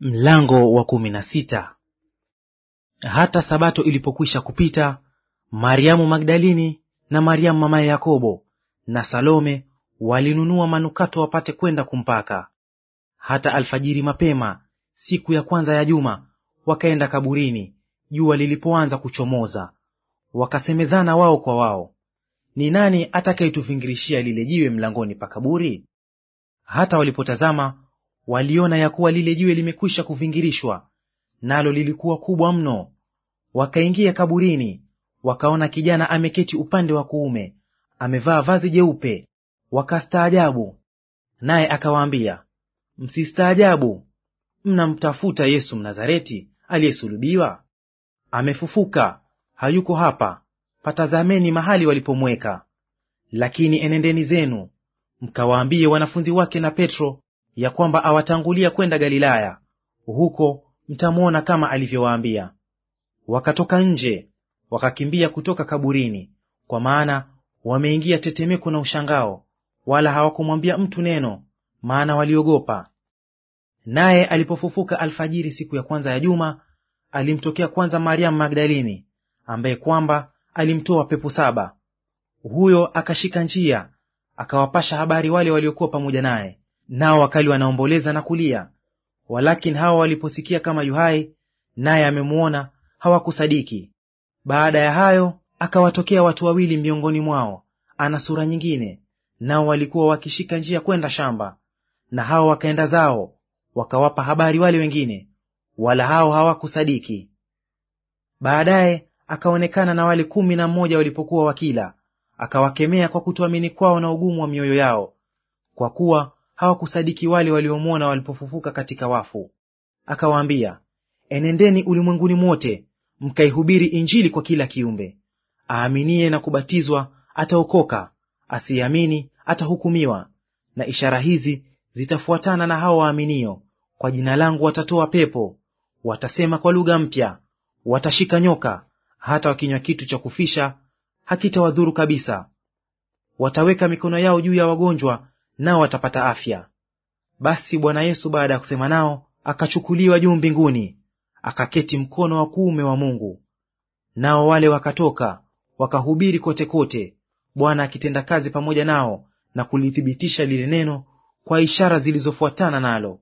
Mlango wa kumi na sita. Hata sabato ilipokwisha kupita, Mariamu Magdalini na Mariamu mamaye Yakobo na Salome walinunua manukato wapate kwenda kumpaka. Hata alfajiri mapema siku ya kwanza ya juma wakaenda kaburini, jua lilipoanza kuchomoza. Wakasemezana wao kwa wao, ni nani atakayetuvingirishia lile jiwe mlangoni pa kaburi? Hata walipotazama waliona ya kuwa lile jiwe limekwisha kuvingirishwa, nalo lilikuwa kubwa mno. Wakaingia kaburini, wakaona kijana ameketi upande wa kuume, amevaa vazi jeupe, wakastaajabu. Naye akawaambia, msistaajabu. Mnamtafuta Yesu Mnazareti aliyesulubiwa? Amefufuka, hayuko hapa. Patazameni mahali walipomweka. Lakini enendeni zenu mkawaambie wanafunzi wake na Petro ya kwamba awatangulia kwenda Galilaya, huko mtamwona kama alivyowaambia. Wakatoka nje wakakimbia kutoka kaburini, kwa maana wameingia tetemeko na ushangao, wala hawakumwambia mtu neno, maana waliogopa. Naye alipofufuka alfajiri siku ya kwanza ya juma, alimtokea kwanza Mariamu Magdalini, ambaye kwamba alimtoa pepo saba. Huyo akashika njia akawapasha habari wale waliokuwa pamoja naye, nao wakali wanaomboleza na kulia. Walakini hawa waliposikia kama Yuhai naye amemwona, hawakusadiki. Baada ya hayo akawatokea watu wawili miongoni mwao, ana sura nyingine, nao walikuwa wakishika njia kwenda shamba. Na hao wakaenda zao, wakawapa habari wale wengine, wala hao hawakusadiki. Baadaye akaonekana na wale kumi na mmoja walipokuwa wakila, akawakemea kwa kutoamini kwao na ugumu wa mioyo yao, kwa kuwa hawakusadiki wale waliomwona walipofufuka katika wafu. Akawaambia, enendeni ulimwenguni mwote mkaihubiri Injili kwa kila kiumbe. Aaminiye na kubatizwa ataokoka, asiyeamini atahukumiwa. Na ishara hizi zitafuatana na hao waaminio, kwa jina langu watatoa pepo, watasema kwa lugha mpya, watashika nyoka, hata wakinywa kitu cha kufisha hakitawadhuru kabisa. Wataweka mikono yao juu ya wagonjwa nao watapata afya. Basi Bwana Yesu baada ya kusema nao akachukuliwa juu mbinguni, akaketi mkono wa kuume wa Mungu. Nao wale wakatoka wakahubiri kote kote, Bwana akitenda kazi pamoja nao na kulithibitisha lile neno kwa ishara zilizofuatana nalo.